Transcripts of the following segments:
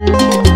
you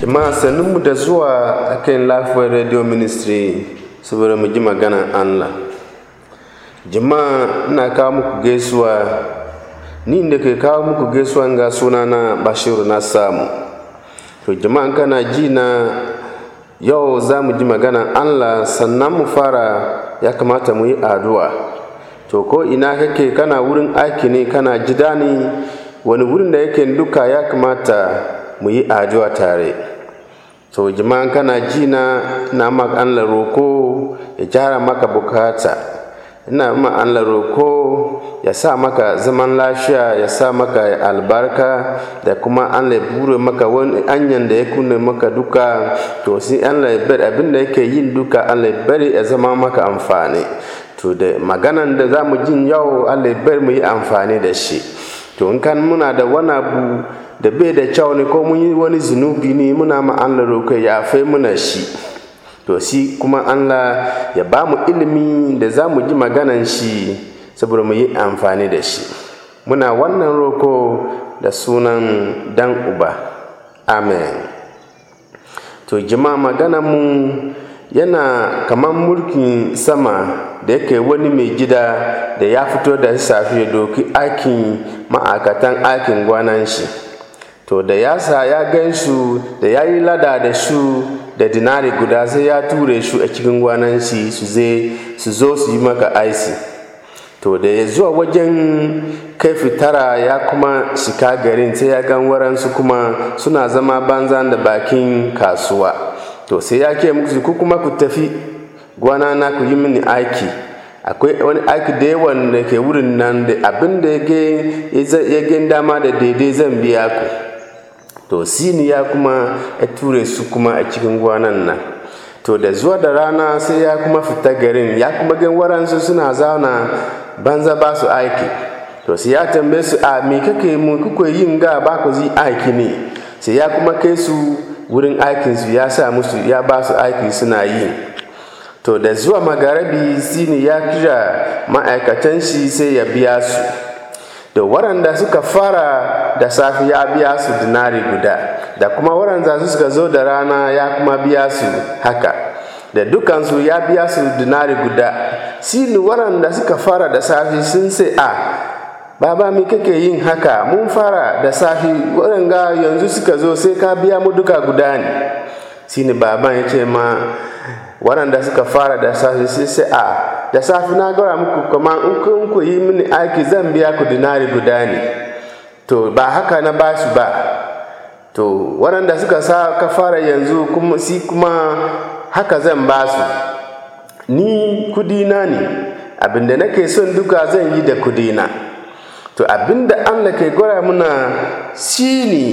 jama'a sanninmu da zuwa kan lafiyar radio ministry saboda mu ji maganan allah jama'a ina kawo muku gaisuwa ni da ke kawo muku gaisuwa ga na bashiru na samu to jama'a kana ji na yau za mu ji maganan allah sannan mu fara ya kamata mu yi addu'a to ko ina kake kana wurin aiki ne kana jida ne wani wurin da yake duka ya kamata mu yi tare to jima kana ji na na ma roko ya jara maka bukata ina ma Allah roko ya sa maka zaman lafiya ya sa maka albarka da kuma an bure maka wani anyan da ya kunne maka duka to si Allah bari abin yake yin duka an ya bari ya zama maka amfani to da maganan da za mu jin yau an ya bari mu yi amfani da shi to in kan muna da wani abu da bai da kyau ne ko mun yi wani zunubi ne muna ma an roƙo ya fai muna shi to shi kuma Allah ya ba mu ilimi da za mu ji maganan shi saboda mu yi amfani da shi muna wannan roko da sunan dan uba amen to jima maganan mu yana kamar mulkin sama da yake wani mai gida da ya fito da safi ya doki aikin ma'aikatan aikin gwanan shi to da ya sa ya gan su da ya yi lada da su da dinari guda sai ya ture su a cikin gwanan shi su zo su yi maka aisi to da ya zuwa wajen kai fitara ya kuma shika garin sai ya gan waransu kuma suna zama banza da bakin kasuwa to sai ya ke musu ku kuma ku tafi gwana na ku yi mini aiki akwai wani aiki da yawan da ke wurin nan da abin da ya gen dama da daidai zan biya ku to ya kuma ya ture su kuma a cikin gwanan nan to da zuwa da rana sai ya kuma fita garin ya kuma gan waransu suna zauna banza ba su aiki to sai ya tambaye su a me kake mu kuka yin ga ba ku yi aiki ne sai ya kuma kai su wurin aikinsu ya sa musu ya ba su aiki suna yi to da zuwa magarabi zini ya kira ma'aikatan shi sai ya biya su da waɗanda suka fara da safi ya biya su dinari guda da kuma waɗanda suka zo da rana ya kuma biya su haka da dukansu ya biya su dinari guda Sinu waɗanda suka fara da safi sun sai a baba mi kake yin haka mun fara da safi waɗanda yanzu suka zo sai ka biya mu duka guda ne sini baban ya ce ma waɗanda suka fara da safi sai sai a da safe na gara muku kuma in kun ku yi mini aiki zan biya ku dinari guda ne to ba haka na ba su ba to waɗanda suka sa ka fara yanzu kuma si kuma haka zan ba su ni kudina ne abinda nake son duka zan yi da kudina to abinda Allah ke gwara muna shi ne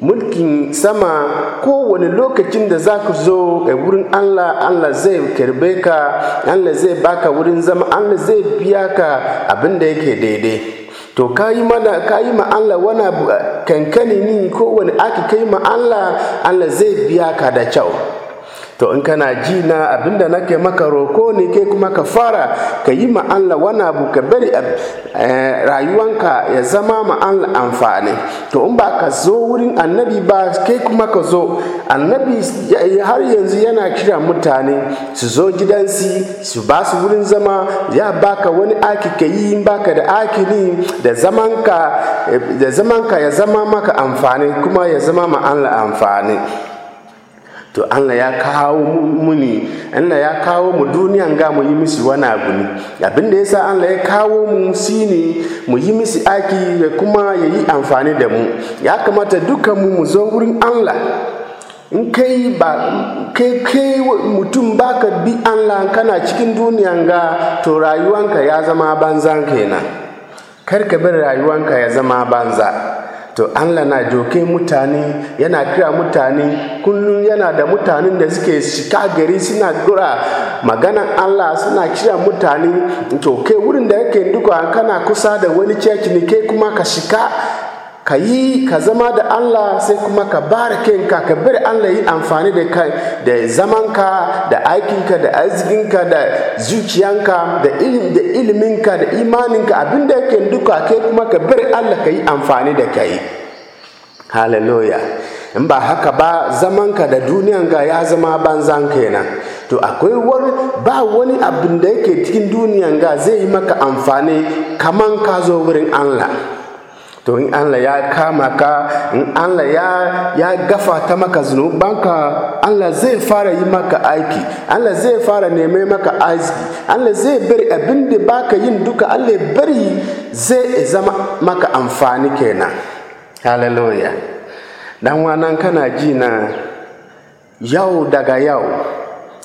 mulkin sama kowane lokacin da za ka zo a eh, wurin Allah Allah zai karbe ka Allah zai baka wurin zama Allah zai biya ka abin da yake daidai to kayi mana kayi ma Allah wani eh, kankani ni kowane aka kai ma Allah Allah zai biya ka da kyau to in kana ji na abinda nake maka roko ne ke kuma ka fara ka yi ma wani abu ka bari eh, rayuwanka ya zama ma amfani to in ba ka zo wurin annabi ba kai kuma ka zo annabi har yanzu yana kira mutane su zo gidansi su ba su wurin zama ya baka wani aki ka yi in baka da aki ne eh, da zamanka ya zama maka amfani kuma ya zama ma amfani to Allah ya kawo muni Allah ya kawo mu duniyan ga mu yi misi wani abu ne abin da yasa Allah ya kawo mu shine mu yi misi aiki ya kuma ya yi amfani da mu ya kamata dukkan mu mu zo wurin Allah in kai ba kai kai mutum baka bi Allah kana cikin duniyan ga to rayuwanka ya zama banzan kenan kar ka bar rayuwanka ya zama banza to Allah na joke mutane yana kira mutane kullum yana da mutanen da suke shika gari suna dora maganan Allah suna kira mutane to kai wurin da yake duka kana kusa da wani ceci ne kai kuma ka shika ka yi ka zama da allah sai kuma ka bara kanka ka bari allah yi amfani da kai da zamanka da aikinka da arzikinka da zuciyanka da iliminka da imaninka abinda yake duka kai kuma ka bari allah ka yi amfani da kai hallelujah in ba haka ba zamanka da duniyanka ya zama banzan kenan to akwai wani ba wani abin da yake cikin duniyan ga zai yi maka amfani kaman ka zo wurin allah to in Allah ya kama ka in Allah ya ya ta maka zunubanka Allah zai fara yi maka aiki Allah zai fara neme maka arziki Allah zai bari abin da baka yin duka Allah bari zai zama maka amfani kenan hallelujah dan wannan kana ji na yau daga yau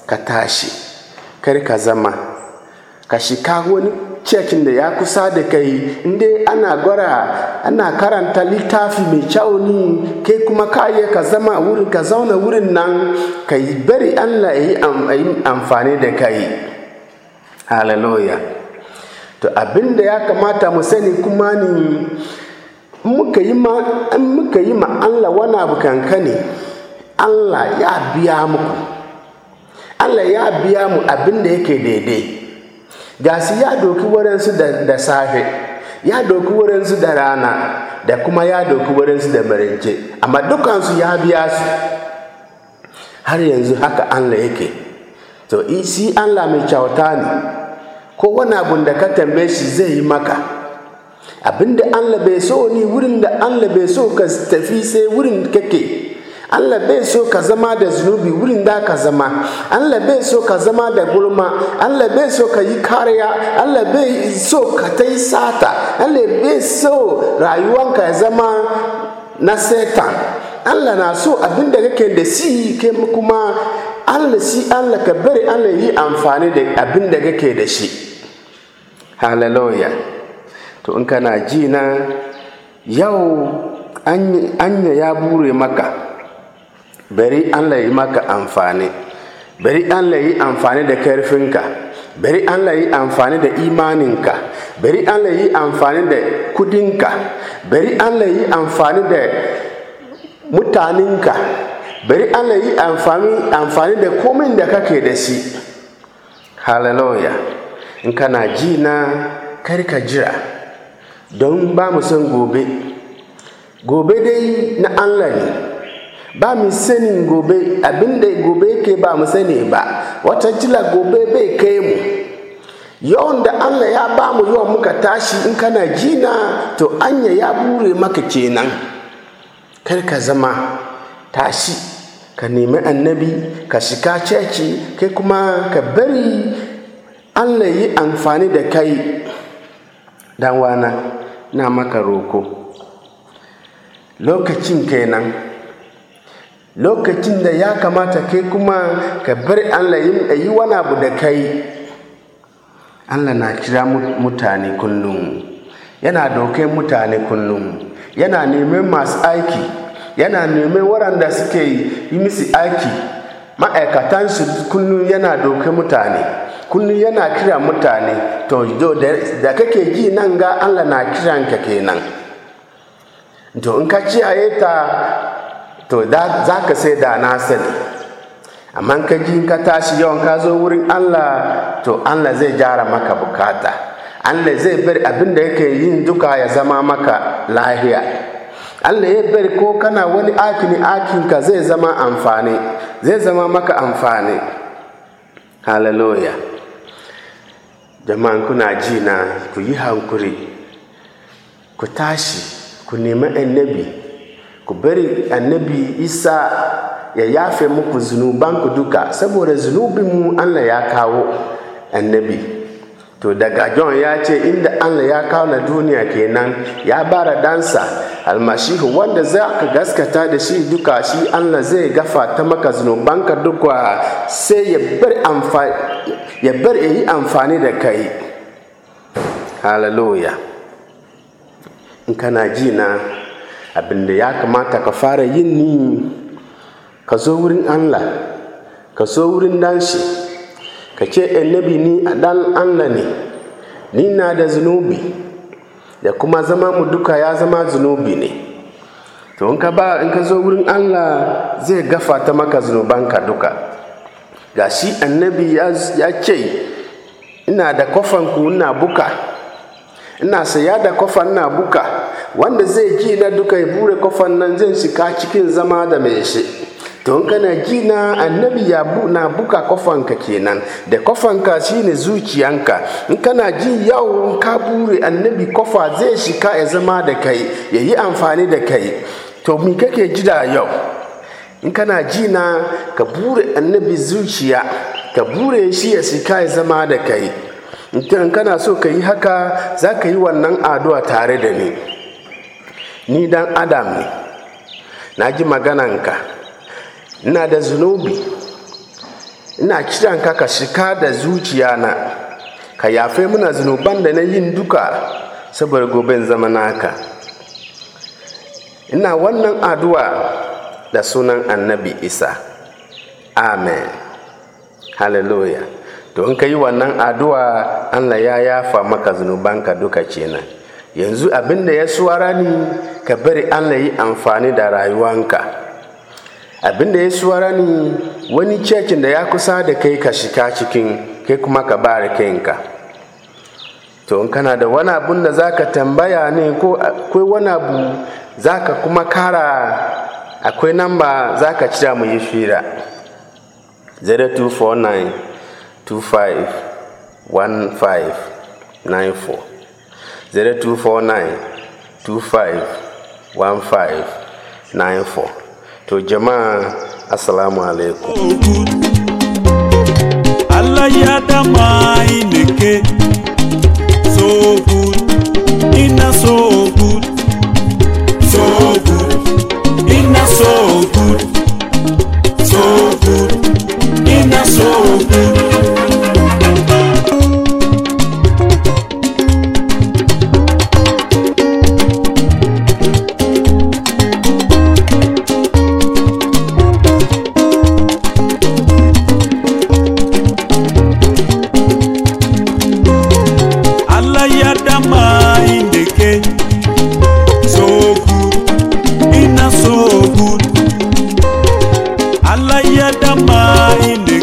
ka tashi kar ka zama ka shiga wani cikin da ya kusa da kai inda ana gwara ana karanta littafi mai kyau ne kai kuma kaye ka zama wurin ka zauna wurin nan ka yi bari allah ya yi amfani da kai hallelujah to abin da ya kamata mu sani kuma ne muka yi ma allah wani abu kankani allah ya biya muku allah ya biya mu abin da yake daidai gasi ya doki su da safe ya doki su da rana da kuma ya doki su da marince amma dukansu ya biya su har yanzu haka allah yake to isi allah mai kyauta ne ko wani abun da ka tambaye shi zai yi maka abinda allah bai so ni wurin da allah bai so ka tafi sai wurin kake Allah bai so ka zama da zunubi wurin da ka zama Allah bai so ka zama da gulma Allah bai so ka yi kariya Allah bai so ka ta yi sata Allah bai so rayuwanka ya zama na setan Allah na so abin da kake da si ke kuma Allah si Allah ka bari Allah yi amfani da abin da kake da shi hallelujah to in kana ji na yau anya ya bure maka bari allah yi maka amfani bari allah yi amfani da karfinka bari allah yi amfani da imaninka bari allah yi amfani da kudinka bari allah yi amfani da mutaninka bari allah yi amfani da komin da kake da shi hallelujah in kana ji na karka jira don ba mu san gobe gobe dai na allah ne ba mu sani gobe abinda gobe ke ba mu sani ba wata jila gobe bai kai mu yawan da allah ya ba mu yawan muka tashi in kana jina to anya ya bure maka kenan kar ka zama tashi ka nemi annabi ka shiga ceci kai kuma ka bari allah yi amfani da kai dan wana na maka roko lokacin kenan lokacin da ya kamata kai kuma ka bar Allah yi wani abu da kai Allah na kira mutane kullum yana dokai mutane kullum yana neman masu aiki yana neman waɗanda suke yi misi aiki ma'aikatan su kullum yana dokai mutane kullum yana kira mutane to da kake ji nan ga Allah na kiran kiranka kenan to in ka ciyaye ta to za ka sai da na sani amma ka ji ka tashi yawan ka zo wurin allah to allah zai gyara maka bukata allah zai bari abin da yake yin duka ya zama maka lahiya allah ya bari ko kana wani akini akinka zai zama amfani zai zama maka amfani hallelujah jama'an kuna ji na ku yi hankuri ku tashi ku nemi annabi ku bari annabi isa ya yafe muku zunubanku duka saboda zunubinmu allah ya kawo annabi to daga john ya ce inda allah ya kawo na duniya kenan ya bara dansa almashihu wanda za ka gaskata da shi duka shi allah zai gafa ta maka zunubanka duka sai ya bar yi amfani da kai hallelujah in kana ji na abinda ya kamata ka fara yin ni ka zo wurin allah ka zo wurin danshi ka ce annabi eh, ni a dan allah ne ni na da zunubi da kuma zama mu duka ya zama zunubi ne to in ka ba in ka zo wurin allah zai gafata maka zunubanka duka ga shi annabi ya ce ina da kofanku ina buka ina saya da kofan na buka wanda zai ji na duka ya bure kofan nan zai shiga cikin zama da mai shi To in kana ji na annabi ya bu na buka ka kenan da ka shine zuciyanka in kana ji yau ka bure annabi kofa zai shika ya zama da kai ya yi amfani da kai to mi kake ji da yau in kana ji na ka bure annabi zuciya ka bure shi ya shika ya zama da kai in kana so ka yi haka za ka yi wannan addu'a tare da ni ni dan adam ne na ji magananka ina da zunubi ina kiranka ka shika da zuciya na ka yafe muna zunuban da na yin duka saboda goben zama naka ina wannan addu'a da sunan annabi isa amen hallelujah to in ka yi wannan addu'a Allah ya yafa maka zunubanka duka kenan yanzu abin da ya suwara ni ka bari Allah yi amfani da rayuwanka abin da ya suwara ni wani cecin da ya kusa da kai ka shika cikin kai kuma ka bare kanka to in kana da wani abu da zaka tambaya ne ko akwai wani abu zaka kuma kara akwai namba zaka cira mu yi fira 0249 Two five one five nine four zero two four nine two five one five nine four to Jama. assalamu alaikum Allah ya dama inike so good ina so good so good ina so good so good ina so good binadamu ini